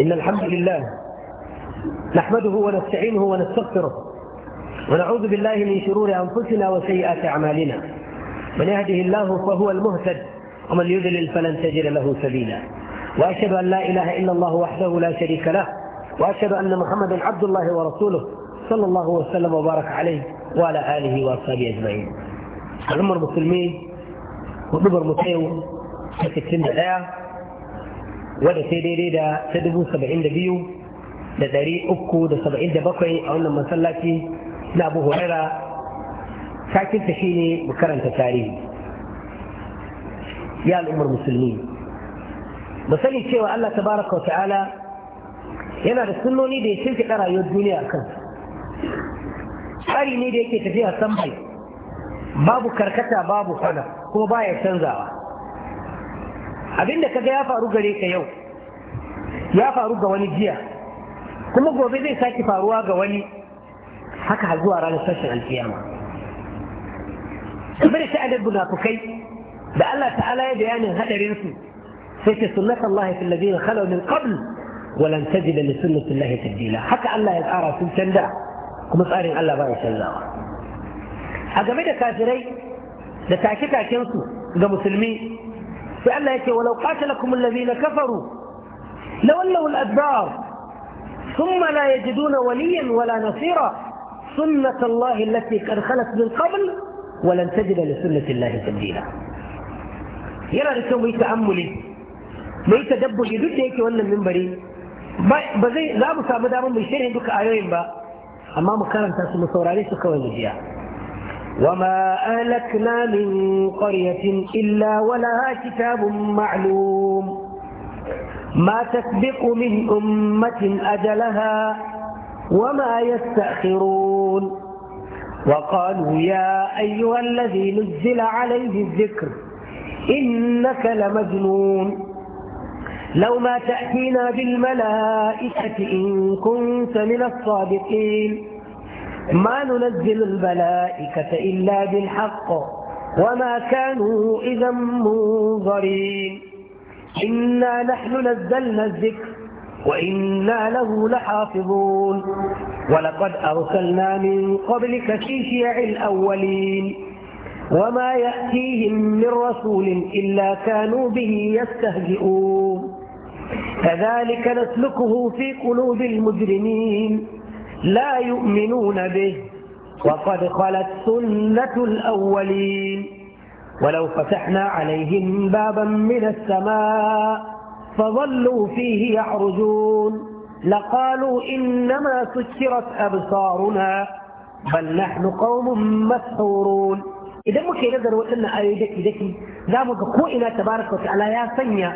إن الحمد لله نحمده ونستعينه ونستغفره ونعوذ بالله من شرور أنفسنا وسيئات أعمالنا من يهده الله فهو المهتد ومن يذلل فلن تجد له سبيلا وأشهد أن لا إله إلا الله وحده لا شريك له وأشهد أن محمدا عبد الله ورسوله صلى الله وسلم وبارك عليه وعلى آله وأصحابه أجمعين الأمة المسلمين ودبر مسيو 61 wadda sai daidai da ta dubu saba'in da biyu da ɗari uku da saba'in da bakwai a wannan masallaci na abu huraira takinta shi ne mu karanta tarihi ya al'ummar musulmi mu sani cewa allah tabaraka wa ta'ala yana da sunoni da ya shimfiɗa rayuwar duniya a kansu tsari ne da yake tafiya san bai babu karkata babu fada kuma baya canzawa abinda kaga ya faru gare ka yau ya faru ga wani jiya kuma gobe zai sake faruwa ga wani haka har zuwa ranar sashen alkiyama kamar ta adad munafukai da Allah ta'ala ya bayanin hadarin su sai ta sunnata Allah fi alladhina khalaw min qabl wa lan tajid li sunnati Allah tabdila haka Allah ya tsara sun canza kuma tsarin Allah ba ya canzawa a game da kafirai da take-taken su ga musulmi فعلا يكي ولو قاتلكم الذين كفروا لولوا الأدبار ثم لا يجدون وليا ولا نصيرا سنة الله التي قد خلت من قبل ولن تجد لسنة الله تبديلا يرى رسوم يتعملي تاملي يتدبر يدوك يكي ولن من بري بزي لا بسامدام من شيرين دوك آيوين با أمام كارم تاسم صوراني سكوين جيا وما أهلكنا من قرية إلا ولها كتاب معلوم ما تسبق من أمة أجلها وما يستأخرون وقالوا يا أيها الذي نزل عليه الذكر إنك لمجنون لو ما تأتينا بالملائكة إن كنت من الصادقين ما ننزل الملائكة إلا بالحق وما كانوا إذا منظرين إنا نحن نزلنا الذكر وإنا له لحافظون ولقد أرسلنا من قبلك في شيع الأولين وما يأتيهم من رسول إلا كانوا به يستهزئون كذلك نسلكه في قلوب المجرمين لا يؤمنون به وقد خلت سنة الأولين ولو فتحنا عليهم بابا من السماء فظلوا فيه يعرجون لقالوا إنما سكرت أبصارنا بل نحن قوم مسحورون إذا ذ ا مكي نزل وقلنا آ ي د ذكي ذا مكوئنا تبارك وتعالى يا سنيا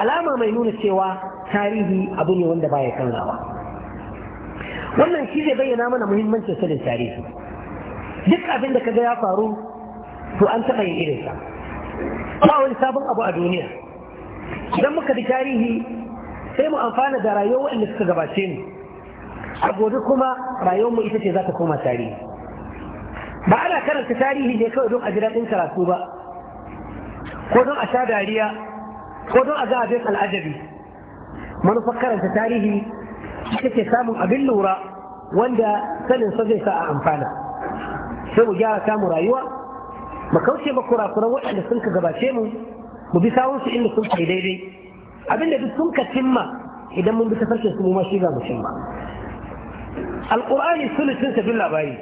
ألا ما مينون السوى تاريخي أ ب و ن wannan shi zai bayyana mana muhimmancin sanin tarihi duk abin da kaga ya faru to an taɓa yin irinsa ba wani sabon abu a duniya idan muka bi tarihi sai mu amfana da rayuwar waɗanda suka gabace mu a gobe kuma rayuwar mu ita ce za ta koma tarihi ba ana karanta tarihi ne kawai don a ji daɗin karatu ba ko don a sha dariya ko don a ga abin al'ajabi manufar karanta tarihi ita ce samun abin lura wanda sanin sa zai sa a amfana sai mu gyara samun rayuwa mu kauce ba kurakuran waɗanda sun ka gabace mu mu bi sawun su inda sun kai daidai abinda duk sun ka cimma idan mun bi ta tafarkin su mu ma shi ga mu cimma alqur'ani sulusun sa labari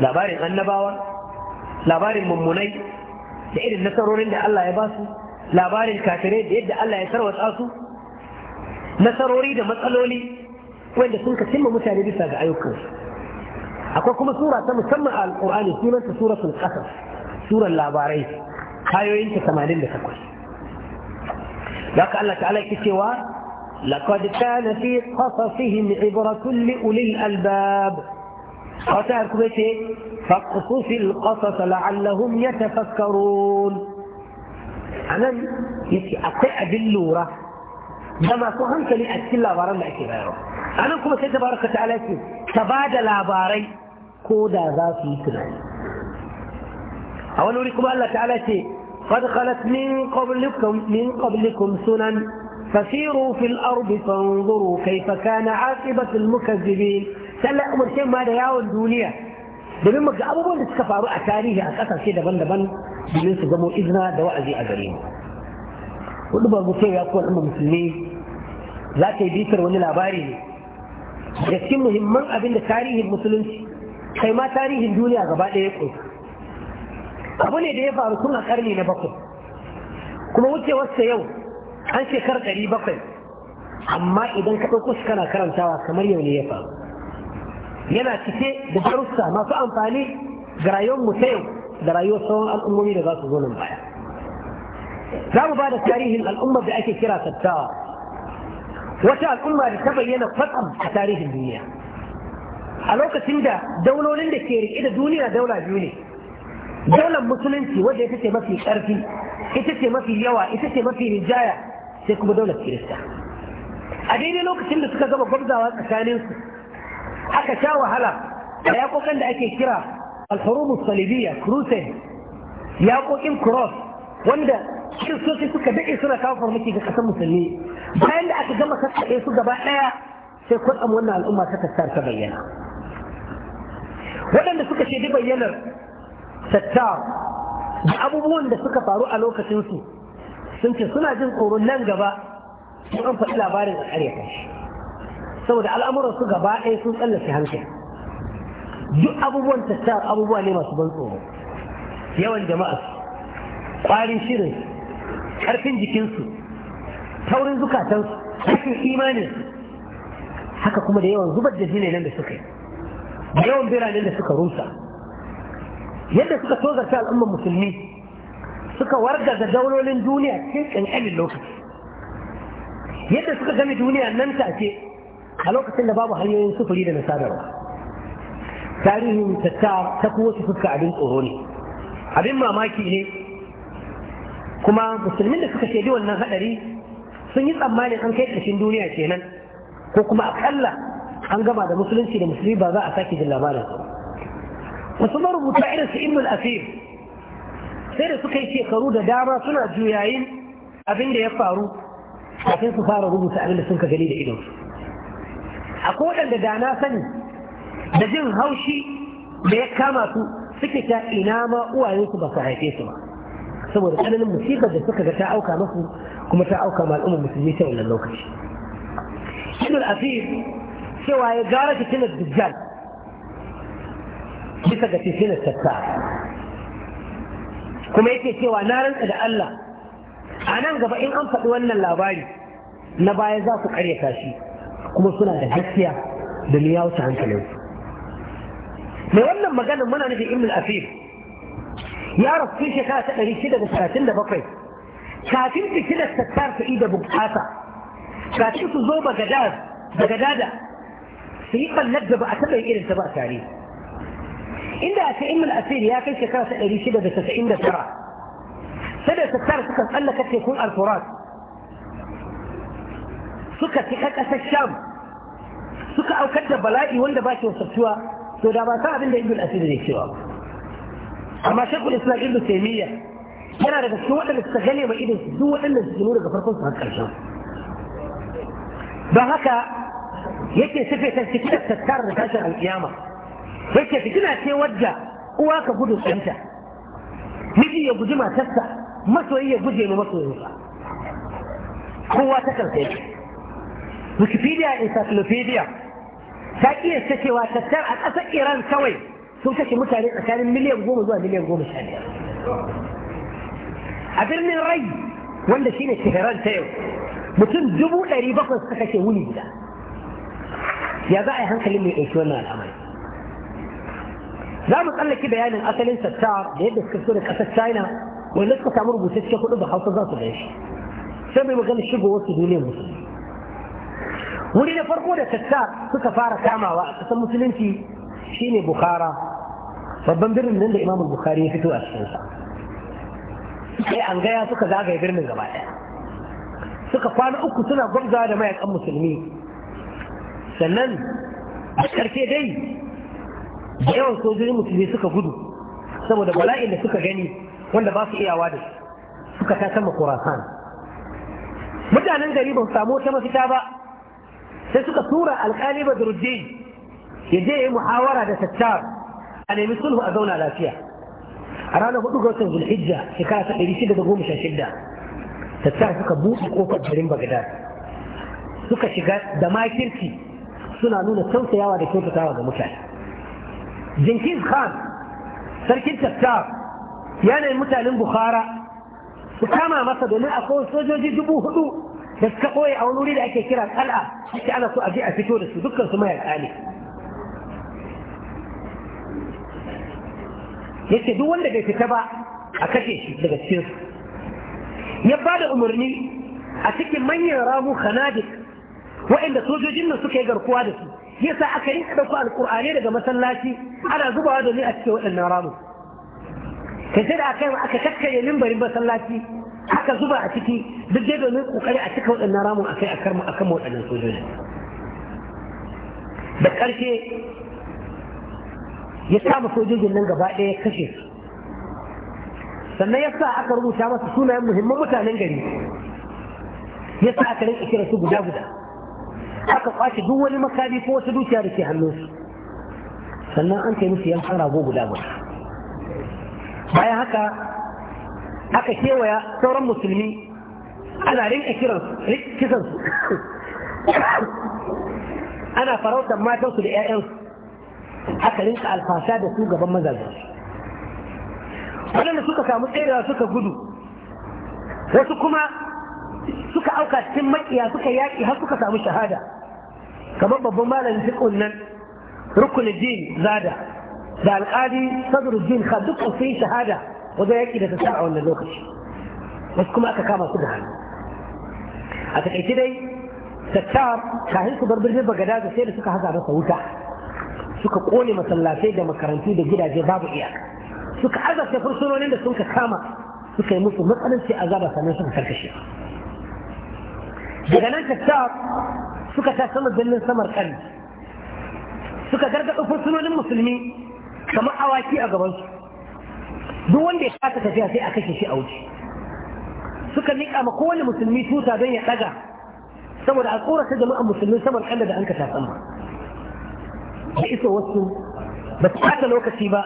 labarin annabawa labarin mummunai da irin nasarorin da Allah ya ba su labarin kafirai da yadda Allah ya tarwatsa su nasarori da matsaloli wanda sun ka cimma mutane bisa ga ayyukansu akwai kuma sura ta musamman a alƙur'ani sunanta suratul qasas surar labarai ayoyin ta 88 da Allah ta'ala yake cewa laqad kana fi qasasihim ibratun li ulil albab qatar kuma ce faqsusil qasas la'allahum yatafakkarun anan yace akwai abin lura da masu hankali a cikin labaran da ake bayarwa a nan kuma sai tabaraka ta'ala ce ta ba da labarai ko da za su yi tunani a wani wuri kuma Allah ta'ala ce qad khalat min qablikum min qablikum sunan fasiru fil ardi fanzuru kayfa kana aqibatu al mukazzibin sallah umar shin ma da yawon duniya domin muga abubuwan da suka faru a tarihi a kasashe daban-daban domin su gamo izina da wa'azi a gare mu hudu ba ya kuwa musulmi za ka yi bitar wani labari ne da cikin muhimman abin da tarihin musulunci kai ma tarihin duniya gaba ɗaya ƙunsa abu ne da ya faru tun a ƙarni na bakwai kuma wucewarsa yau an shekar ɗari bakwai amma idan ka ɗauko shi kana karantawa kamar yau ne ya faru yana cike da darussa masu amfani ga rayuwar mu ta yau da rayuwar sauran al'ummomi da za su zo nan baya za mu ba da tarihin al'ummar da ake kira tattawa wata al'umma da ta bayyana kwatsam a tarihin duniya a lokacin da daulolin da ke riƙe da duniya daula biyu ne daular musulunci wadda ita ce mafi ƙarfi ita ce mafi yawa ita ce mafi rijaya sai kuma daular kirista a daidai lokacin da suka gama gwabzawa tsakaninsu aka sha wahala da yakokan da ake kira alhurumus salibiyya crusade yakokin cross wanda kiristoci suka daɗe suna kawo farmaki ga ƙasar musulmi bayan da aka gama sassaɓe su gaba ɗaya sai kwatsam wannan al'umma ta tattar ta bayyana waɗanda suka shaidi bayyanar tattar da abubuwan da suka faru a lokacinsu sun ce suna jin tsoro nan gaba sun an faɗi labarin a arewa, saboda al'amuran su gaba ɗaya sun tsallace hankali duk abubuwan tattar abubuwa ne masu ban tsoro yawan jama'a ƙwarin shirin ƙarfin jikinsu taurin zukatansu rashin imanin haka kuma da yawan zubar da jini nan da suka yi da yawan biranen da suka rusa yadda suka tozarta al'ummar musulmi suka da daulolin duniya cikin ƙanƙanin lokaci yadda suka gami duniya nan take a lokacin da babu hanyoyin sufuri da na sadarwa tarihin ta ta kowace fuska abin tsoro ne abin mamaki ne kuma musulmin da suka shaidi wannan hadari sun yi tsammanin an kai ƙarshen duniya kenan ko kuma akalla an gama da musulunci da musulmi ba za a sake jin labarin wasu marubuta irin su ibn asir sai da suka yi shekaru da dama suna juyayin abin da ya faru kafin su fara rubuta abin da sun ka gani da idon akwai waɗanda da na sani da jin haushi da ya kama su suke ta ina ma uwayensu ba su haife su ba saboda tsananin musibar da suka ga ta auka masu kuma ta auka ma al'ummar musulmi ta wannan lokaci ibn al-afir cewa ya gara fitinar dujjal bisa ga fitinar tattara kuma yake cewa na rantsa da Allah a nan gaba in an faɗi wannan labari na baya za su karyata shi kuma suna da gaskiya da ya hankalinsu mai wannan maganar muna nufin ibn al يعرف في شيخ هذا اللي كده بساتين ده بقي ساتين في كده ستار في ايده بقاسة ساتين في زوبة جداد بجدادة سيقا لك جب أتبع إيه انتباع تعالي إلا أتئم من أسير يا كيف كانت أري شبه بتسعين دفرة سنة ستار سكت أن لك تكون أرفورات سكة تحك أسا الشام سكة أو كده بلاقي وانده باكي وصفتوها تو دابا صعب إلا إبن أسير ذي شبه amma shekul islam ibn taimiyya yana daga cikin waɗanda suka gane ma idan duk waɗanda su gino daga farkon su har ƙarshen don haka yake sufe ta cikin tattara da tashin alƙiyama yake fitina ce wadda uwa ka gudu ɗanta miji ya guji matarsa masoyi ya guje ma masoyinsa kowa ta kansa yake wikipedia encyclopedia ta iya cewa tattar a ƙasar iran kawai sun kashe mutane tsakanin miliyan goma zuwa miliyan goma sha biyar a birnin rai wanda shine tehran ta yau mutum dubu ɗari bakwai suka kashe wuni guda ya za a yi hankalin mai ɗauki wannan al'amari za mu tsallake bayanin asalin sattar da yadda suka fito da ƙasar china wanda suka samu rubutacce kuɗi da hausa za su gan shi sai mai magana shigo wasu duniyar musulmi wuri na farko da tattar suka fara kamawa a ƙasar musulunci Shi ne bukhara babban birnin nan da imam bukhari ya fito a cikinsa sai an gaya suka zagaye birnin gaba ɗaya suka kwana uku suna gwamzawa da mayakan musulmi sannan a ƙarshe dai da yawan sojojin musulmi suka gudu saboda bala'in da suka gani wanda ba su iyawa da suka ta sama kurasan mutanen gari ba su samu wata mafita ba sai suka tura alƙali badruddin ya je ya yi muhawara da tattar a nemi sulhu a zauna lafiya a ranar hudu ga watan zulhijja shekara ta ɗari shida da goma sha shida tattar suka buɗe kofar garin bagdad suka shiga da makirci suna nuna tausayawa da kyautatawa ga mutane jinkis khan sarkin tattar ya nemi mutanen bukhara su kama masa domin akwai sojoji dubu hudu da suka ɓoye a wani wuri da ake kira kal'a ake ana so a je a fito da su dukkan su mayar ne yace duk wanda bai fita ba a kashe shi daga cikin ya ba da umarni a cikin manyan ramu kanadik waɗanda sojojin nan suka yi garkuwa da su yasa aka yi ku alƙur'ani daga masallaci ana zubawa domin a cikin waɗannan ramu kai sai da aka yi aka kakkaye limbarin masallaci aka zuba a ciki duk dai domin kokari a cika waɗannan a akai a karmu akan waɗannan sojoji da ƙarshe ya kama sojojin nan gaba ɗaya kashe sannan ya sa aka rubuta masa sunayen muhimman mutanen gari ya sa aka rinka kira su guda guda aka kwace duk wani makami ko wata dukiya da ke hannunsu sannan an kai musu yankan rago guda guda bayan haka aka kewaya sauran musulmi ana rinka kiransu ana farautar matansu da 'ya'yansu aka rinka alfasa da su gaban mazajen waɗanda suka samu tserewa suka gudu wasu kuma suka auka cikin makiya suka yaƙi har suka samu shahada kamar babban malamin fiƙon nan rukunin zada da alƙadi sadar jin ka duk sun yi shahada wajen yaƙi da ta a wannan lokaci wasu kuma aka kama su da hannu a taƙaice dai tattar kahin su bar birnin bagada da sai da suka haka masa wuta suka kone masallatai da makarantu da gidaje babu iyaka suka azabta fursunonin da sun ka kama suka yi musu matsalanci azaba sannan suka karkashe daga nan tattawa suka ta sama birnin samar kari. suka gargaɗa fursunonin musulmi kamar awaki a gabansu duk wanda ya kasa tafiya sai a kashe shi a wuce suka niƙa ma kowane musulmi tuta don ya ɗaga saboda a tsorata jama'an musulmi samar kan da an ka ta sama da isa wasu ba ta ɓata lokaci ba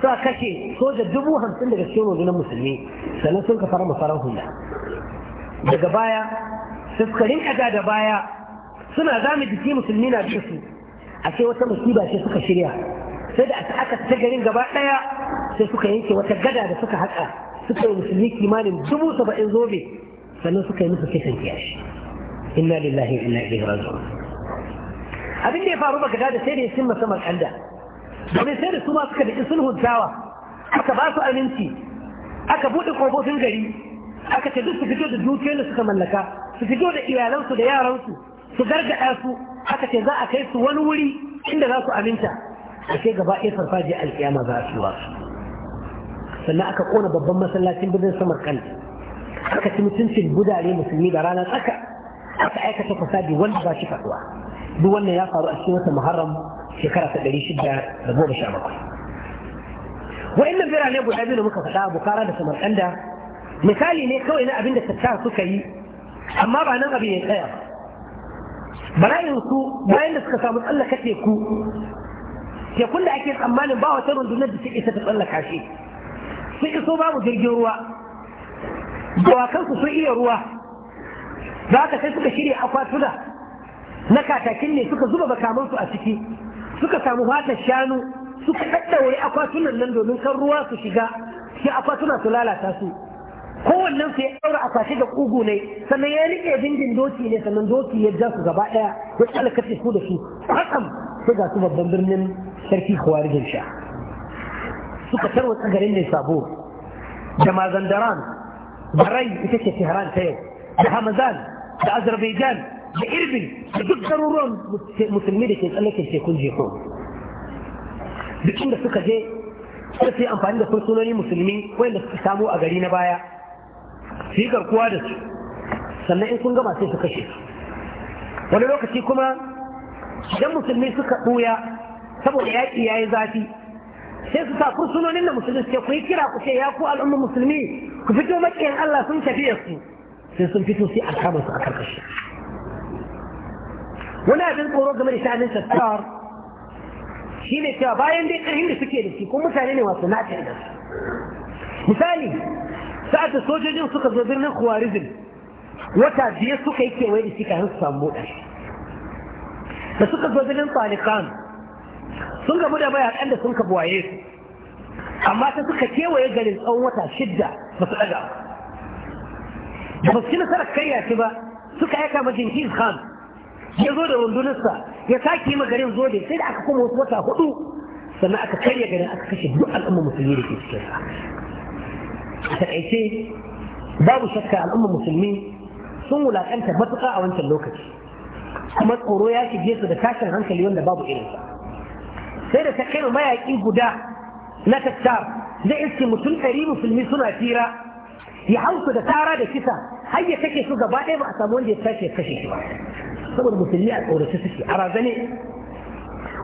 sa kashe soja dubu hamsin daga cikin rundunar musulmi sannan sun ka fara hula daga baya fuskarin kaga da baya suna zama jiki musulmi na da su a ce wata musiba ce suka shirya sai da aka ta garin gaba ɗaya sai suka yanke wata gada da suka haƙa suka yi musulmi kimanin dubu saba'in zobe sannan suka yi musu kisan kiyashi inna lillahi inna ilaihi raji'un abin da ya faru baka da sai da ya cimma kanda domin sai da su ma suka da sulhun tawa aka ba su aminci aka buɗe kofofin gari aka ce duk su fito da dukiyar da suka mallaka su fito da iyalansu da yaransu su gargaɗa su aka ce za a kai su wani wuri inda za su aminta a ce gaba ɗaya farfajiyar alƙiyama za su wa sannan aka ƙona babban masallacin birnin samarkand aka ci mutuncin gudare musulmi da rana tsaka aka aikata fasadi wanda ba shi faɗuwa duk wannan ya faru a cikin wata muharram shekara ta ɗari shida da goma sha bakwai wa'annan birane guda biyu da muka faɗa bukara da samarkanda misali ne kawai na abin da tattara suka yi amma ba nan abin ya tsaya bala'in su bayan da suka samu tsallaka teku tekun da ake tsammanin ba wata rundunar da isa ta tsallaka shi sun iso babu jirgin ruwa dawakansu sun iya ruwa za ka sai suka shirya akwatuna na katakin ne suka zuba su a ciki suka samu fatar shanu suka daddaure akwatunan nan domin kan ruwa su shiga sai akwatuna su lalata su kowannen su ya daura akwati da kugu ne sannan ya rike dingin doki ne sannan doki ya ja su gaba daya ya tsalkace su da su hakan sai ga su babban birnin sarki kwarijin sha suka tarwatsa garin ne sabo da mazandaran barai ita ce tehran ta yau da hamazan da azerbaijan da irbin a duk garuruwan musulmi da ke tsallakin tekun jefo duk inda suka je sai su yi amfani da fursunoni musulmi wanda suka samu a gari na baya su yi garkuwa da su sannan in sun gama sai su kashe wani lokaci kuma idan musulmi suka ɓuya saboda yaƙi ya yi zafi sai su sa fursunonin da musulmi suke ku yi kira ku ce ya ku al'ummar musulmi ku fito maƙiyan Allah sun tafi da su sai sun fito sai a kama su a karkashin wani abin tsoro game da sha'anin sassar shi ne cewa bayan dai ƙarfin da suke da shi kuma mutane ne wasu nata idan misali sa'ad da sojojin suka zo birnin khawarizm wata biyar suka yi kewaye da shi kafin su samu motsa da suka zo birnin talikan sun gabu da mayakan da sun kabu waye su amma ta suka kewaye garin tsawon wata shidda ba su ɗaga ba su ci nasarar karya ce ba suka aika ma jinkis khan ya zo da rundunarsa ya sake yi garin zo da sai da aka kuma wasu wata hudu sannan aka karya garin aka kashe duk al'umma musulmi da ke cikin sa a takaice babu shakka al'umma musulmi sun wulakanta matuƙa a wancan lokaci kuma tsoro ya shige su da tashin hankali wanda babu irinsa sai da ta kai mayaƙi guda na tattar da iske mutum ɗari musulmi suna tsira, ya hausu da tara da kisa har ya kake su gaba ɗaya ba a samu wanda ya tashi ya kashe shi ba saboda musulmi a tsorace suke a razane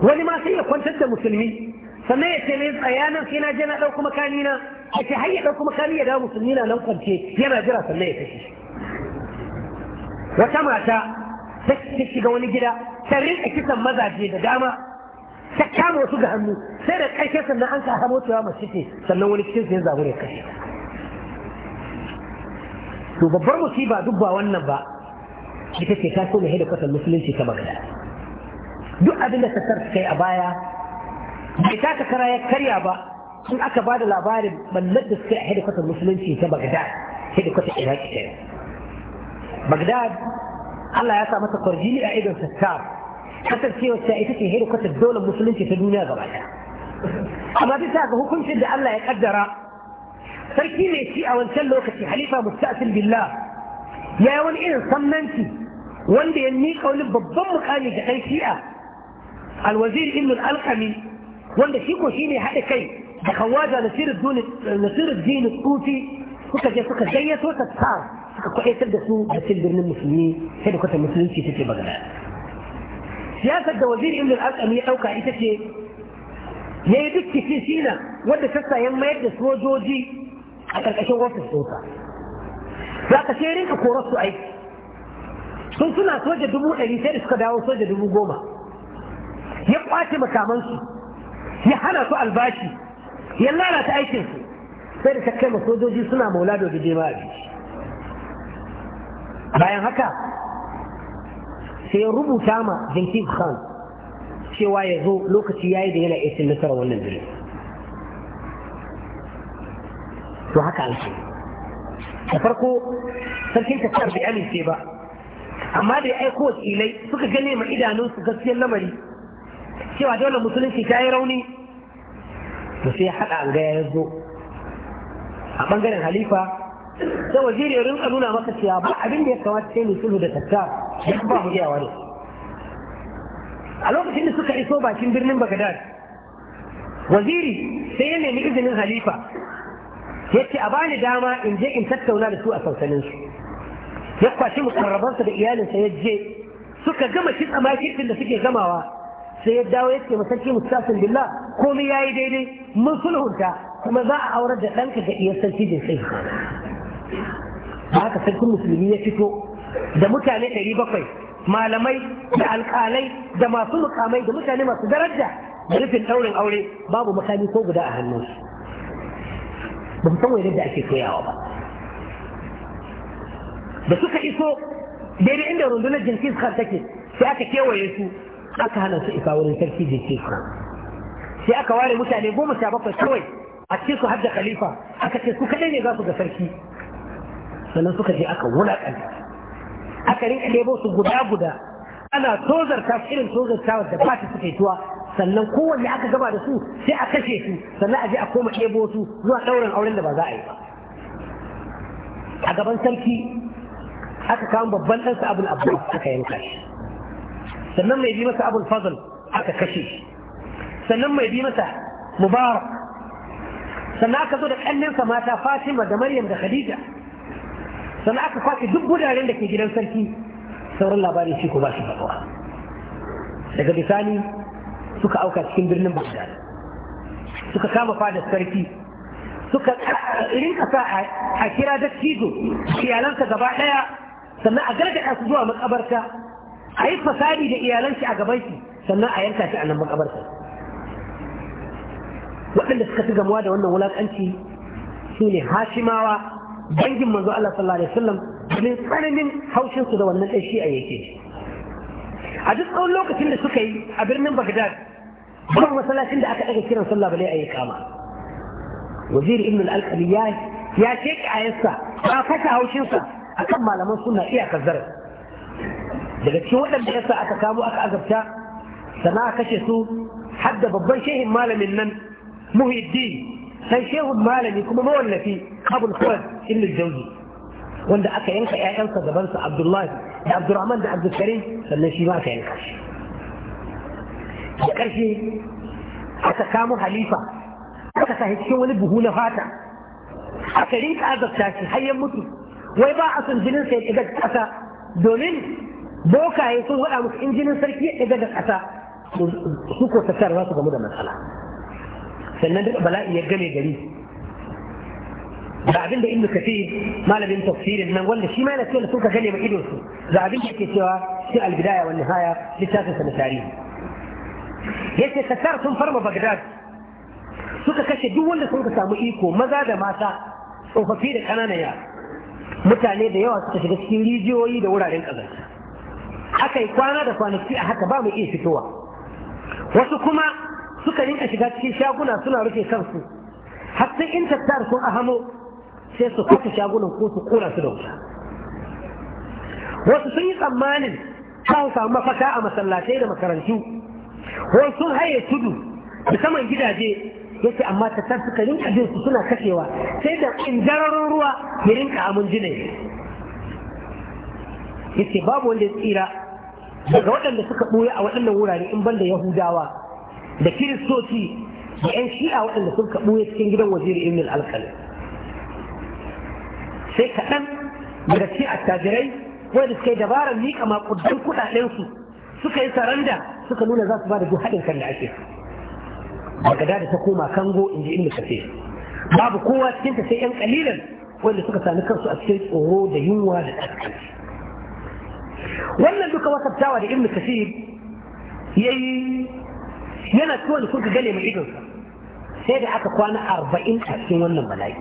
wani ma sai ya kwantar da musulmi sannan ya ce ne tsaya sai na je na ɗauko makami na a ce har ya ɗauko makami ya dawo musulmi na nan kwance yana jira sannan ya kashe wata mata ta shiga wani gida ta rinka kisan mazaje da dama ta kama wasu ga hannu sai da ƙarshe sannan an kasa motowa masu ce sannan wani cikin sai zaburi ya kashe to babbar musiba duk ba wannan ba ita ce ta ne da kwatar musulunci ta magana duk abin da tattar suka yi a baya bai taka kara ya karya ba sun aka bada labarin ballar da suka yi a musulunci ta bagdad hidda kwatar iraki ta bagdad allah ya sa mata kwarjini a idon tattar kasar ce wacce ita ce hidda kwatar dole musulunci ta duniya gaba ɗaya amma ta ga hukuncin da allah ya kaddara sarki ne shi a wancan lokaci halifa musta'sil billah ya yi wani irin sammanci wanda ya miƙa wani babban mukami ga ɗan shi'a alwazir ibn alƙami wanda shi ko shi ne haɗa kai da kawaja nasiru dini tsufi suka je suka gayyato ta tsar suka kwaɗaitar da su da cin birnin musulmi sai da kwatar musulunci take bagana siyasar da wazir ibn alƙami ya ɗauka ita ce ya yi duk kifin sina wadda sassayen mayar da sojoji a ƙarƙashin ofis ɗinsa za ka sai rinka korar su aiki sun suna soja dubu ɗari sai da suka dawo soja dubu goma ya ƙwace makamansu ya hana su albashi ya lalata aikinsu sai da ta ma sojoji suna maula da wajen jema bayan haka sai ya rubuta ma jinkin khan cewa ya zo lokaci ya yi da yana iya nasarar wannan jirgin to haka alkhairi da farko sarkin ka bai amince ba amma da ya aiko wakilai suka gane ma su gaskiyar lamari cewa dole musulunci ta yi rauni to sai haɗa an gaya ya zo a ɓangaren halifa sai waziri ya rinka nuna maka cewa ba abin da ya kamata sai mai sulhu da tatta ya ba mu iya wani a lokacin da suka iso bakin birnin bagadad waziri sai ya nemi izinin halifa yace a bani dama in je in tattauna da su a sansanin su ya kwashi mukarrabansa da iyalinsa ya je suka gama kitsa makitin da suke gamawa sai ya dawo ya ce masarki mustafin billah komai ya yi daidai mun sulhunta kuma za a aurar da ɗanka ga iya sarki da sai ba haka sarkin musulmi ya fito da mutane ɗari bakwai malamai da alƙalai da masu mukamai da mutane masu daraja da rufin ɗaurin aure babu makami ko guda a hannunsu ba san wainar da ake koyawa ba da suka iso daidai inda rundunar jinkis khan take sai aka kewaye su aka hana su isa wurin sarki jinkis khan sai aka ware mutane goma sha bakwai kawai a ce su har khalifa aka ce su kadai ne za su ga sarki sannan suka je aka wulaƙanta aka rinka ɗebo su guda guda ana tozarta irin tozarta da ba ta suke tuwa sannan kowanne aka gaba da su sai a kashe su sannan a je a koma ɗebo su zuwa ɗaurin auren da ba za a yi ba a gaban sarki aka kama babban ɗansa abul abu aka yanka shi sannan mai bi masa abul fazl aka kashe shi sannan mai bi masa mubarak sannan aka zo da ƙannensa mata fatima da maryam da khadija sannan aka kwace duk gudaren da ke gidan sarki sauran labarin shi ko ba shi fatawa daga bisani suka auka cikin birnin bagdad suka kama fadar sarki suka rinka sa a kira da cizo iyalansa gaba ɗaya sannan a gargaɗa su zuwa makabarta a yi fasadi da iyalansa a gaban shi sannan a yanka shi a nan makabarta waɗanda suka fi gamuwa da wannan wulaƙanci su ne hashimawa dangin manzo Allah sallallahu alaihi wasallam domin tsananin haushinsu da wannan ɗan shi'a yake a duk tsawon lokacin da suka yi a birnin Baghdad بعض المساجد اكا اكا كيران صلى بلي اي كاما وزير ابن الالقبيات يا شيك عيسا آه، آه، ما فتا او شنسا اكما لما سنة ايا كالزرق لقد شو ودم عيسا اكا كامو شاء اغبتا سنا كشسو حد ببان شيه مالا من من مهي الدين سي شيه مالا من كما مو النفي قابل خوز ابن الجوزي وانا اكا ينسا يا ينسا عبد الله عبد الرحمن عبد الكريم فلنشي ما a ƙarshe aka samu halifa aka sa cikin wani buhu na fata aka rinka azabta shi har ya mutu wai ba a son jinin sai ya ɗaga ƙasa domin bokaye sun waɗa musu in jinin sarki ya daga ƙasa su ko ta tarwa su gamu da matsala sannan duka bala'i ya gane gari da abin da inda kafi malamin tafsirin nan wanda shi ma yana cewa sun ka gane ma idonsu da abin da ke cewa shi albidaya wani haya littafin sa na tarihi yace kasar sun farma bagdad suka kashe duk wanda sun ka samu iko maza da mata tsofaffi da ƙananan yara mutane da yawa suka shiga cikin rijiyoyi da wuraren ƙazanta aka yi kwana da kwanaki a haka ba mu iya fitowa wasu kuma suka rinka shiga cikin shaguna suna rufe kansu har sai in tattar sun ahamo sai su kwace shagunan ko su kora su da wuta wasu sun yi tsammanin kawo samu mafaka a masallatai da makarantu wai sun haye tudu da saman gidaje yake amma ta san suka rinka jin su suna kashewa sai da injararin ruwa ya rinka amin jinai yace babu wanda ya tsira daga waɗanda suka ɓoye a waɗannan wurare in da yahudawa da kiristoci da 'yan shi'a waɗanda suka ɓoye cikin gidan waziri ibn al sai kaɗan daga ci attajirai wanda suka yi dabarar miƙa maƙudan kuɗaɗensu suka yi saranda suka nuna za su ba da duk haɗin kan da ake a daga da ta koma kango in ji inda kafe babu kowa cikin ta sai yan kalilan wanda suka sami kansu a cikin tsoro da yunwa da tsarkanci wannan duka wasabtawa da ibn kasir yayi yana ciwon da ga gane mai sa sai da aka kwana 40 a cikin wannan bala'i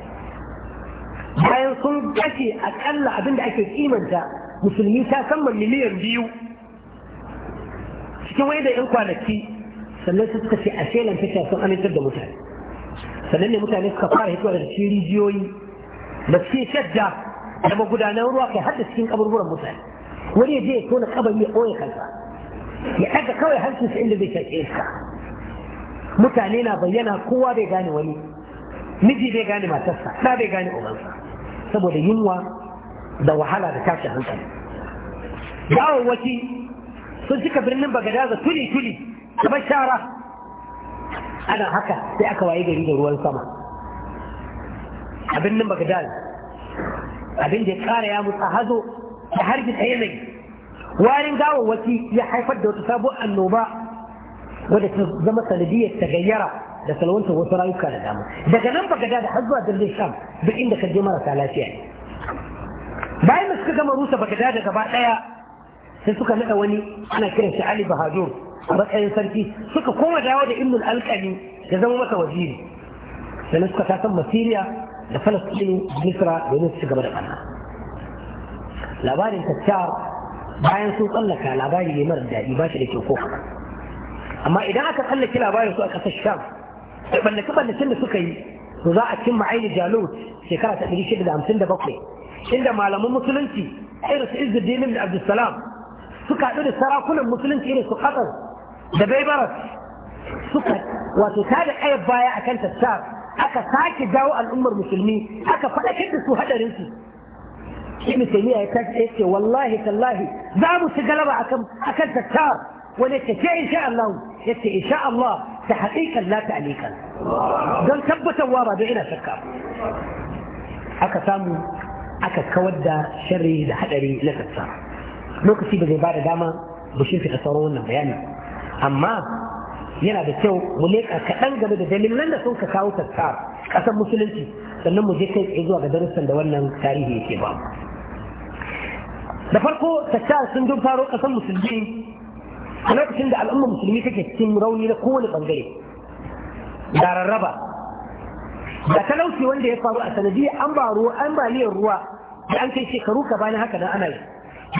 bayan sun kashe akalla abinda ake kimanta musulmi ta kammala miliyan biyu cikin wani da yan kwanaki sannan su suka ce a shelan fita sun amintar da mutane sannan ne mutane suka fara hitowa da cikin rijiyoyi da cikin shadda da magudanar ruwa kai har da cikin kaburburan mutane wani ya je ya tona kabari ya ɓoye kansa ya ɗaga kawai hancinsa inda zai shaƙe iska mutane na bayyana kowa bai gane wani miji bai gane matarsa ɗa bai gane ubansa saboda yunwa da wahala da tashin hankali gawawwaki sun cika birnin bagadaza tuli tuli kamar shara ana haka sai aka waye gari da ruwan sama a birnin bagada abin da ya kara ya mutsa hazo da hargitsa yanayi warin gawawwaki ya haifar da wata sabuwar annoba wadda ta zama sanadiyar ta gayyara da salwantar wasu rayuka da dama daga nan bagada da har zuwa birnin sham duk inda ka je marasa lafiya bayan da suka gama rusa bagada da gaba daya sai suka naɗa wani ana kiran shi Ali Bahadur a matsayin sarki suka koma dawo da Ibn Alƙali da zama masa waziri sannan suka tasan Masiriya da Falastin Misra domin su gaba da ɓanna. Labarin Tattar bayan sun tsallaka labari ne mara daɗi ba shi da kyau ko amma idan aka tsallake labarin su a ƙasar Sham da ɓallace-ɓallacen da suka yi to za a cimma aini jalut shekara ta 657 inda malaman musulunci irin su izzuddin da abdulsalam suka haɗu da sarakunan musulunci irin su Qatar da Baibaras suka wato ta da ƙayar baya a kan tattar aka sake dawo al'ummar musulmi aka faɗakar da su haɗarinsu ibn taymiya ya tashi ya ce wallahi tallahi za mu ci galaba akan akan tattar wani ta ce insha Allah ya ce insha Allah ta haƙiƙan la ta alikan don tabbatarwa ba don ina shakka aka samu aka kawar da sharri da haɗari na tattar lokaci da zai bada dama da shimfiɗa sauran wannan bayani amma yana da kyau mu leƙa kaɗan game da dalilan da sun ka kawo tattar ƙasar musulunci sannan mu je kai tsaye zuwa ga darussan da wannan tarihi yake ba da farko tattar sun dun faro ƙasar musulmi a lokacin da al'ummar musulmi take cikin rauni na kowane bangare da rarraba da talauci wanda ya faru a sanadiyar ambaliyar ruwa da an kai shekaru ka bani haka nan ana yi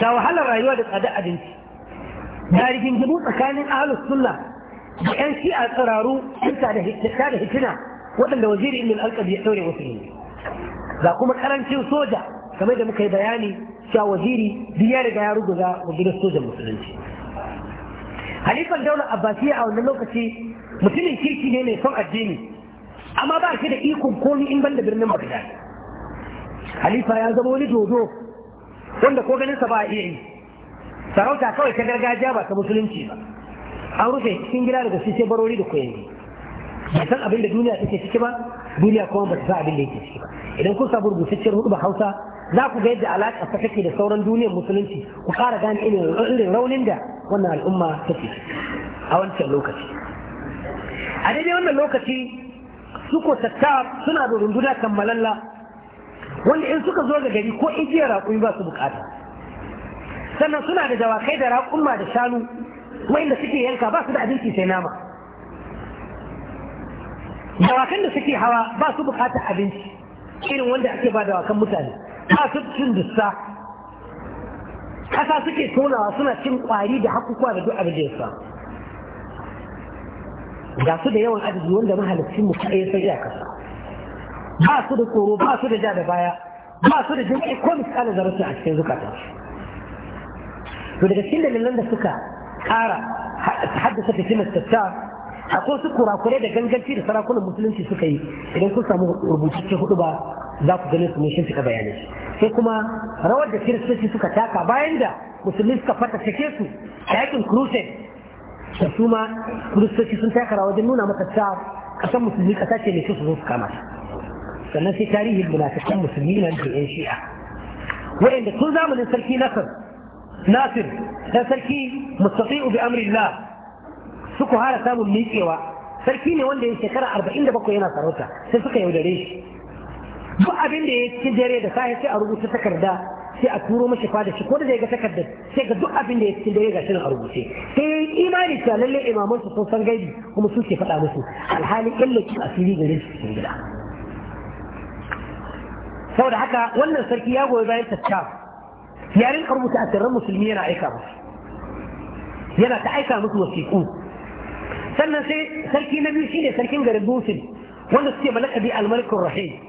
da wahalar rayuwa da tsada abinci da rigingimu tsakanin ahalus sunna da yan shi'a tsiraru hinta da hitina waɗanda waziri ibn al ya daure wasu ne ga kuma karancin soja kamar da muka yi bayani cewa waziri duk ya riga ya ruguza gidan sojan musulunci halifan daular abbasiya a wannan lokaci mutumin kirki ne mai son addini amma ba shi da ikon komi in ban da birnin bagdad halifa ya zama wani dodo wanda ko ganin sa ba iya yi sarauta kawai ta gargajiya ba ta musulunci ba an rufe cikin gida daga sai barori da koyanni bai san abin da duniya take ciki ba duniya kuma ba ta san abin da yake ciki ba idan kun samu rubutaccen hudu hausa za ku ga yadda alaƙa ta take da sauran duniyar musulunci ku ƙara gane irin raunin da wannan al'umma take a wancan lokaci a daidai wannan lokaci su ko suna da runduna kammalalla wanda in suka zo ga gari ko igiyar raƙumi ba su bukata sannan suna da dawakai da raƙumma da shanu wanda suke yanka ba su da abinci sai nama dawakan da suke hawa ba su buƙata abinci irin wanda ake ba dawakan mutane ba su cin dusta ƙasa suke tonawa suna cin ƙwari da hakukuwa da duk abin da ya ga su da yawan adadi wanda mahalicci mu kaɗai sai iya kasa ba su da tsoro ba su da ja da baya ba su da jinƙi ko misalin zarafi a cikin zukatan to daga cikin dalilan da suka ƙara haddasa fitinar tattara akwai su kurakurai da ganganci da sarakunan musulunci suka yi idan kun samu rubutaccen hudu ba za ku gani su ne shi suka bayanai sai kuma rawar da kiristoci suka taka bayan da musulmi suka fata take su a yakin crusade da su ma kiristoci sun taka rawa wajen nuna mata ta kasan musulmi kasa ce mai su zo su kama sannan sai tarihin munafikan musulmi nan da yan shi'a wa'anda tun zamanin sarki nasir nasir dan sarki mustati'u bi amrillah suka fara samun miƙewa sarki ne wanda ya shekara arba'in da bakwai yana sarauta sai suka yaudare shi duk abin da ya ci dare da safe sai a rubuta takarda sai a turo mashi fada shi ko da zai ga takarda, sai ga duk abin da ya ci dare ga shi a rubuce sai ya yi imani ta lallai imaman su sun san gaibi kuma suke faɗa musu alhali illa ki asiri gare su gida saboda haka wannan sarki ya goyi bayan tattaf ya rinka rubuta asirran musulmi yana aika musu yana ta aika musu wasiƙu sannan sai sarki na biyu shine sarkin garin Musul wanda suke malakabi al-malikul rahim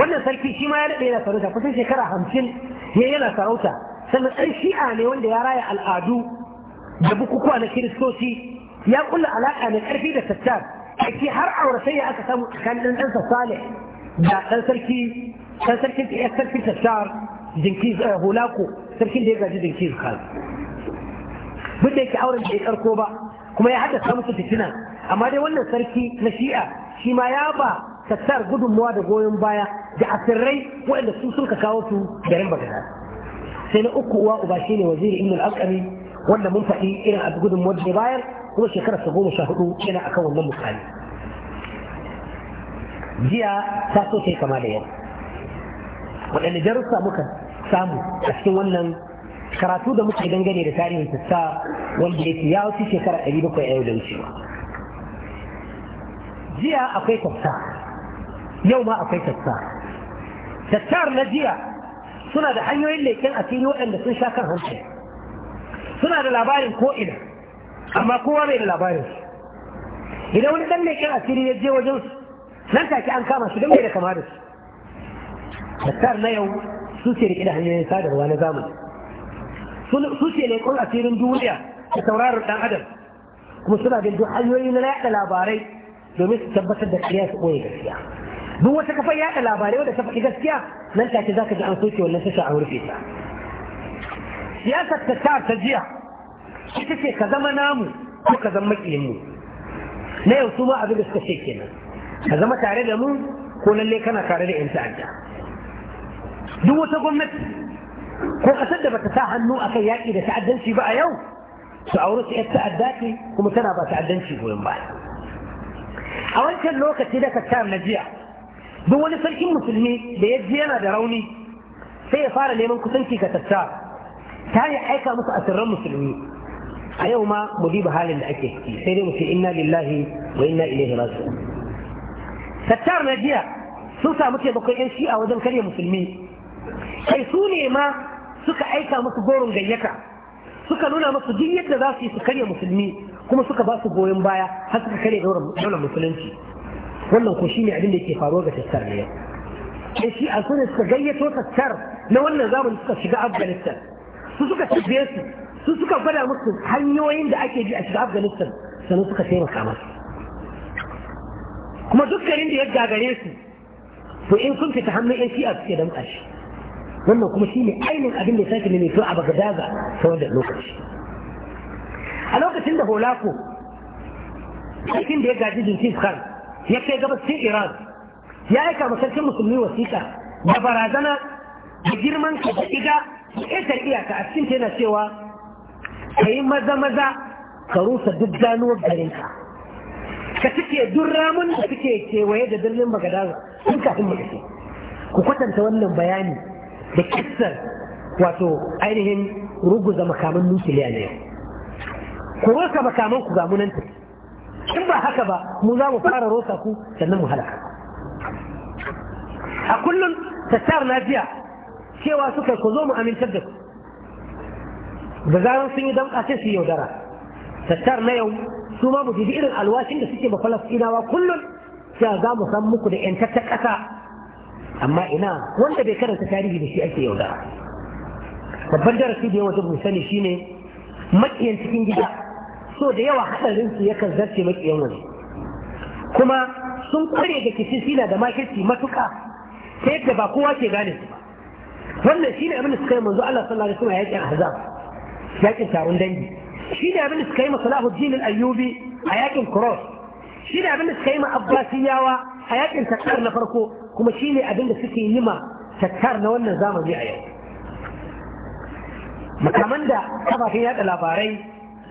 wannan sarki shi ma ya daɗe yana sarauta kusan shekara hamsin ya yana sarauta sannan ɗan shi'a ne wanda ya raya al'adu da bukukuwa na kiristoci ya kulla alaƙa mai ƙarfi da tattar aiki har ya aka samu tsakanin ɗan ɗansa salih da ɗan sarki can sarkin ya sarkin tashar jinkiz eh, hulako sarkin da ya gaji jinki khan duk da yake auren da ya karko ba kuma ya haddasa musu fitina amma dai wannan sarki na shi'a shi ma ya ba tattar gudunmuwa da goyon baya da asirrai waɗanda su suka kawo su garin bagada sai na uku uwa uba ne waziri ibn al-aqami wanda mun faɗi irin a gudunmuwar da bayar kuma shekarar sa goma sha hudu yana akan wannan misali jiya ta so sai kama da yau waɗanne darussa muka samu a cikin wannan karatu da muka dangane da tarihin tassa wanda yake ya wuce shekara ɗari bakwai a yau da wucewa jiya akwai tassa yau ma akwai tassa tattar na jiya suna da hanyoyin leƙen asiri waɗanda sun sha kan hankali suna da labarin ko'ina amma kowa mai da labarin idan wani ɗan leƙen asiri ya je wajen su? nan take an kama su don mai da kama da su tattar na yau su ce rike da hanyoyin sadarwa na zamani su ce leƙon asirin duniya da sauraron ɗan adam kuma suna da duk hanyoyi na yaɗa labarai domin su tabbatar da kariya su ɓoye gaskiya duk wata kafar yaɗa labarai wanda ta faɗi gaskiya nan take za ka ji an soke wannan tasha a rufe ta siyasar ta ta ta jiya ita ce ka zama namu ko ka zama maƙiyinmu na yau su ma abin da suka ce kenan ka zama tare da mu ko lalle kana tare da 'yan ta'adda duk wata gwamnati ko ƙasar da bata sa hannu akan yaƙi da ta'addanci ba a yau su aure su 'yar ta'adda ce kuma tana ba ta'addanci goyon baya a wancan lokaci da na najiya duk wani sarkin musulmi da ya ji yana da rauni sai ya fara neman kusanci ga tattar ta yi aika musu asirran musulmi a yau ma mu diba halin da ake ciki sai dai mu ce inna lillahi wa inna ilaihi raji'un tattar najiya sun samu taimakon yan shi'a wajen karya musulmi kai su ne ma suka aika musu goron gayyata? suka nuna musu duk yadda za su yi su karya musulmi kuma suka ba su goyon baya har suka karya daular musulunci wannan ko shine abin da yake faruwa ga tattar ne sai shi a sunan suka gayyato tattar na wannan zamani suka shiga afghanistan su suka tafiye su su suka gwada musu hanyoyin da ake bi a shiga afghanistan sannan suka taimaka masu kuma duk garin da ya gagare su to in sun fita hannun yan shi'a suke damƙa shi wannan kuma shi ne ainihin abin da sake mai a bagadaza ta wanda lokaci a lokacin da holako sarkin da ya gaji jinsis khan ya kai gabashin iran ya aika ma sarkin musulmi wasiƙa da barazana da girman ka da iga da ƙetar iyaka a cikin yana cewa ka yi maza maza ka rusa duk ganuwar garin ka cike duk ramun da suke kewaye da birnin bagadaza sun kafin mu ku kwatanta wannan bayani da kissar wato ainihin ruguza makaman nukiliya ne ku rosa makaman ku ga munan in ba haka ba mu za mu fara rosa ku sannan mu halaka a kullum tattar lafiya cewa suka ku zo mu amintar da ku da zaran sun yi damƙa sai su yaudara tattar na yau su ma mu irin alwashin da suke ba falastinawa kullum sai za mu san muku da 'yantattar ƙasa amma ina wanda bai karanta tarihi da shi ake yaudara babban darasi da yawa mu sani shine makiyan cikin gida so da yawa hadarin su yakan zarce makiyan wani kuma sun kware da kisisila da makirci matuka ta yadda ba kowa ke gane su ba wannan shine abin da suka yi manzo Allah sallallahu alaihi wasallam yakin ahzab yakin taron dangi shine abin da suka yi masalahuddin al-ayyubi a yakin cross shine abin da suka yi ma abbasiyawa a yakin takar na farko kuma shi ne abin da suke yi ma tattar na wannan zamani a yau makaman da kafafen yada labarai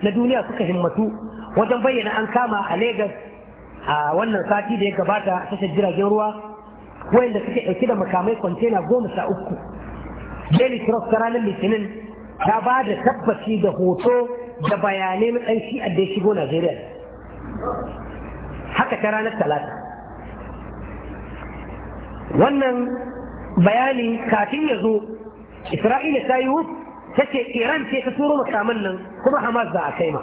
na duniya suka himmatu wajen bayyana an kama a Legas a wannan sati da ya gabata a tashar jiragen ruwa wayanda suke ɗauke da makamai kwantena goma sha uku daily trust ta ranar litinin ta ba da tabbaci da hoto da bayanai na ɗan shi'ar da ya shigo najeriya haka ta ranar talata wannan bayani kafin ya zo isra'ila ta yi wuf ta ce iran ce ta turo makaman nan kuma hamas za a kai ma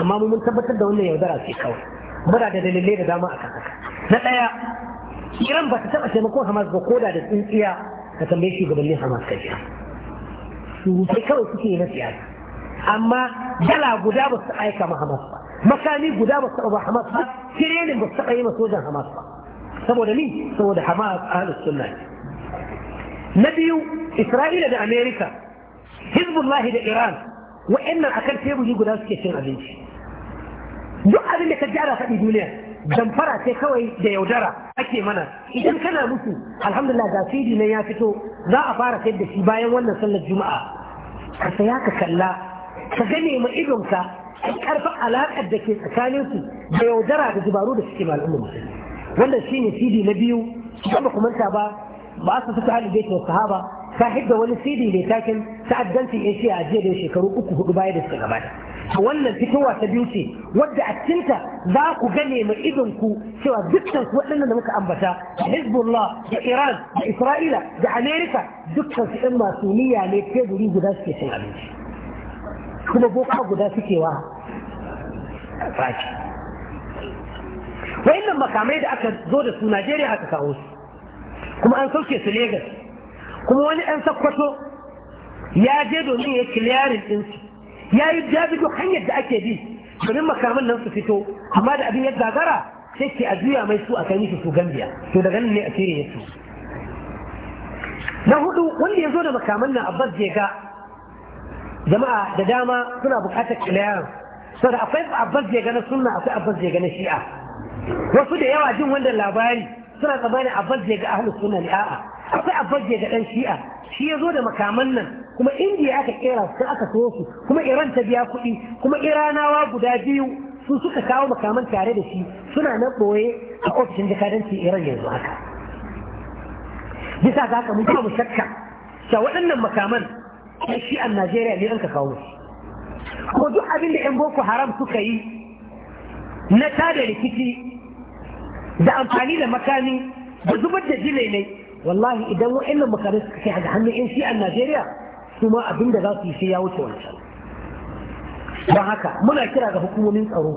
amma mun tabbatar da wannan yaudara ce kawai muna da dalilai da dama a kan haka na ɗaya iran ba ta taɓa taimakon hamas ba ko da tsintsiya ka tambaye shi gabanin hamas ka jiya. su sai kawai suke yi na siyasa amma dala guda ba su aika ma hamas ba makami guda ba su taɓa ba hamas ba tirenin ba su taɓa yi ma sojan hamas ba saboda ni saboda hama ahlus sunna na biyu isra'ila da Amerika, hizbullahi da iran wa'annan akan teburi guda suke cin abinci duk abin da ka ji ana faɗi duniya damfara sai kawai da yaudara ake mana idan kana musu alhamdulillah ga fidi nan ya fito za a fara sayar da shi bayan wannan sallar juma'a ka saya ka kalla ka gane ma idonka ka karfa alaƙar da ke tsakaninsu da yaudara da dubaru da suke ma musulmi wannan ne cd na biyu idan ba ku manta ba ba su suka ahli ta wa sahaba ta da wani cd mai takin ta'addancin asia a jiya da shekaru uku hudu baya da suka gabata wannan fitowa ta biyu ce wadda a cinta za ku gane mai idon ku cewa dukkan su waɗannan da muka ambata da Hezbollah da Iran da Isra'ila da Amerika dukkan su ɗan masu niyya ne teburi guda suke cin abinci kuma boka guda suke wa fashi wayannan makamai da aka zo da su Najeriya aka kawo su kuma an sauke su Legas kuma wani ɗan sakkwato ya je domin ya kiliyarin ɗinsu ya yi jabido hanyar da ake bi domin makaman nan su fito amma da abin ya gagara sai ke a juya mai su a kai su Gambia to daga nan ne a ya su na hudu wanda ya zo da makaman nan abbas je ga jama'a da dama suna bukatar kiliyarin saboda akwai abbas je ga na sunna akwai abbas je ga na shi'a wasu da yawa jin wannan labari suna tsammanin abbas zai ga ahlus sunna ne a'a akwai abbas zai ga dan shi'a shi ya zo da makaman nan kuma indiya aka kera su aka so su kuma iran ta biya kuɗi kuma iranawa guda biyu su suka kawo makaman tare da shi suna nan ɓoye a ofishin jakadanci iran yanzu haka bisa ga haka mun mu shakka cewa waɗannan makaman ɗan shi'an najeriya ne an ka kawo ko duk abin da yan boko haram suka yi na tada rikici da amfani da makami da zubar da jile ne wallahi idan wa'annan makamai suka kai ga hannun yan shi'an najeriya su ma abin da za su yi sai ya wuce wancan don haka muna kira ga hukumomin tsaro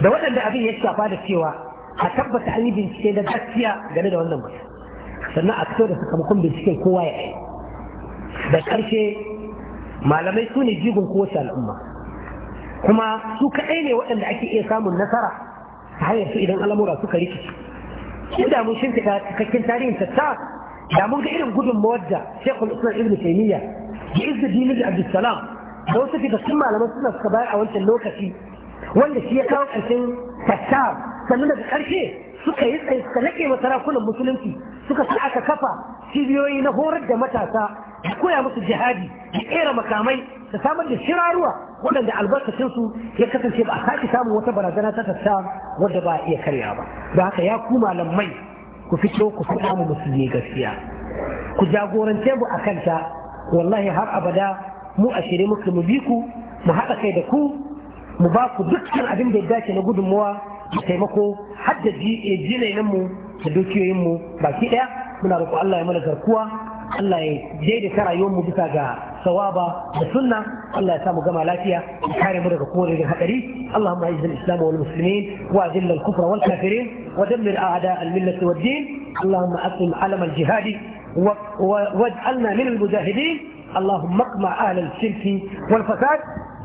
da waɗanda abin ya shafa da cewa a tabbata an yi bincike da gaskiya game da wannan mutum sannan a fito da sakamakon binciken kowa ya yi da ƙarshe malamai su ne jigon kowace al'umma kuma su kaɗai ne waɗanda ake iya samun nasara a hanyar su idan al'amura suka rikici in da mun shimfiɗa cikakken tarihin tatta da mun ga irin gudunmawar da shekul islam ibn taimiyya da izzu dinin da abdulsalam da wasu fitattun malaman suna suka bayar a wancan lokaci wanda shi ya kawo ƙarshen tatta sannan daga ƙarshe suka yi tsaye suka laƙe wa sarakunan musulunci suka sa aka kafa cibiyoyi na horar da matasa da koya musu jihadi da ƙera makamai da samar da ruwa waɗanda albarkacinsu ya kasance ba a sake samun wata barazana ta tassa wadda ba a iya karya ba da haka ya ku lammai ku fito ku faɗa mu musulmi gaskiya ku jagorance mu a kanta wallahi har abada mu a shirye mu bi ku mu haɗa kai da ku mu ba ku dukkan abin da ya dace na gudunmawa da taimako har da eh, jinainen mu da dukiyoyin mu baki ɗaya muna roƙo Allah ya mana garkuwa Allah ya daidaita rayuwar mu bisa ga ثوابا والسنة الله يسامو جمع لاتيا يحارم لك قوة الحقري اللهم اعز الإسلام والمسلمين وأذل الكفر والكافرين ودمر أعداء الملة والدين اللهم أقم علم الجهاد واجعلنا من المجاهدين اللهم اقمع أهل الشرك والفساد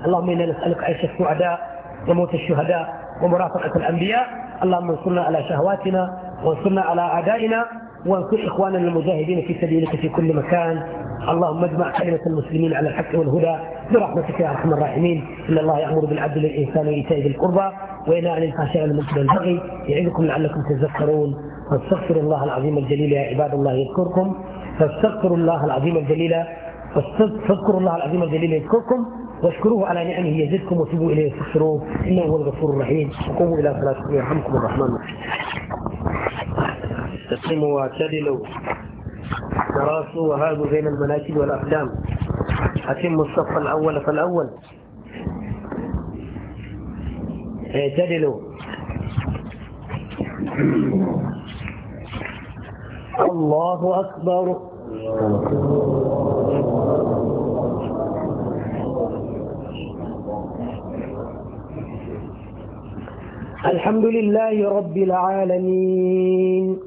اللهم إنا نسألك عيش السعداء وموت الشهداء ومرافقة الأنبياء اللهم انصرنا على شهواتنا وانصرنا على أعدائنا وكل إخواننا المجاهدين في سبيلك في كل مكان اللهم اجمع كلمة المسلمين على الحق والهدى برحمتك يا أرحم الراحمين إن الله يأمر بالعدل والإحسان وإيتاء ذي القربى وينهى عن الفحشاء والمنكر والبغي يعظكم لعلكم تذكرون فاستغفروا الله العظيم الجليل يا عباد الله يذكركم فاستغفروا الله العظيم الجليل فاذكروا الله العظيم الجليل يذكركم واشكروه على نعمه يزدكم وتوبوا اليه واستغفروه انه هو الغفور الرحيم وقوموا الى صلاتكم يرحمكم الرحمن الرحيم استقيموا واعتدلوا تراصوا وهاجوا بين المناكب والأقدام أتموا الصف الأول فالأول اعتدلوا الله أكبر الحمد لله رب العالمين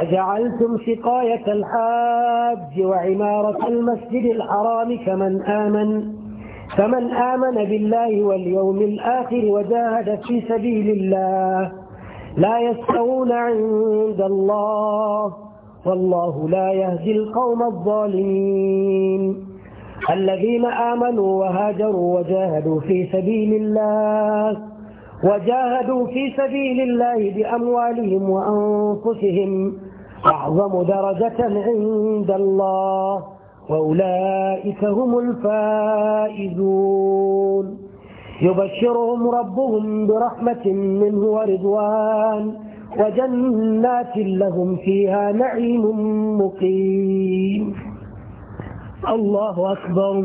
اجعلتم سقاية الحاج وعمارة المسجد الحرام كمن آمن فمن آمن بالله واليوم الآخر وجاهد في سبيل الله لا يستوون عند الله والله لا يهدي القوم الظالمين الذين آمنوا وهاجروا وجاهدوا في سبيل الله وجاهدوا في سبيل الله بأموالهم وأنفسهم أعظم درجة عند الله وأولئك هم الفائزون يبشرهم ربهم برحمة منه ورضوان وجنات لهم فيها نعيم مقيم الله أكبر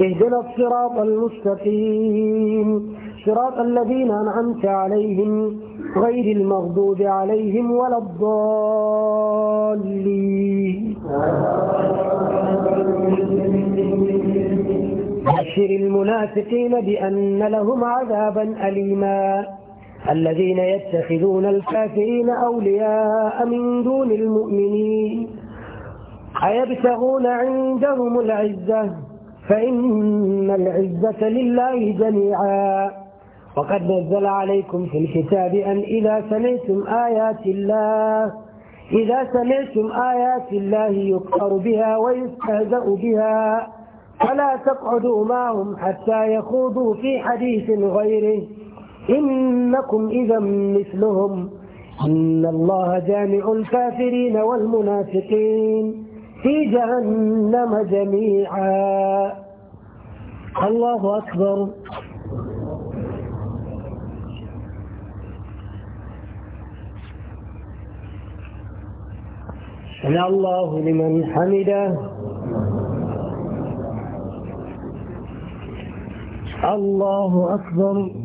اهدنا الصراط المستقيم صراط الذين أنعمت عليهم غير المغضوب عليهم ولا الضالين بشر المنافقين بأن لهم عذابا أليما الذين يتخذون الكافرين أولياء من دون المؤمنين أيبتغون عندهم العزة فإن العزة لله جميعا وقد نزل عليكم في الكتاب أن إذا سمعتم آيات الله إذا سمعتم آيات الله يكفر بها ويستهزأ بها فلا تقعدوا معهم حتى يخوضوا في حديث غيره إنكم إذا مثلهم إن الله جامع الكافرين والمنافقين في جهنم جميعا الله أكبر سمع الله لمن حمده الله أكبر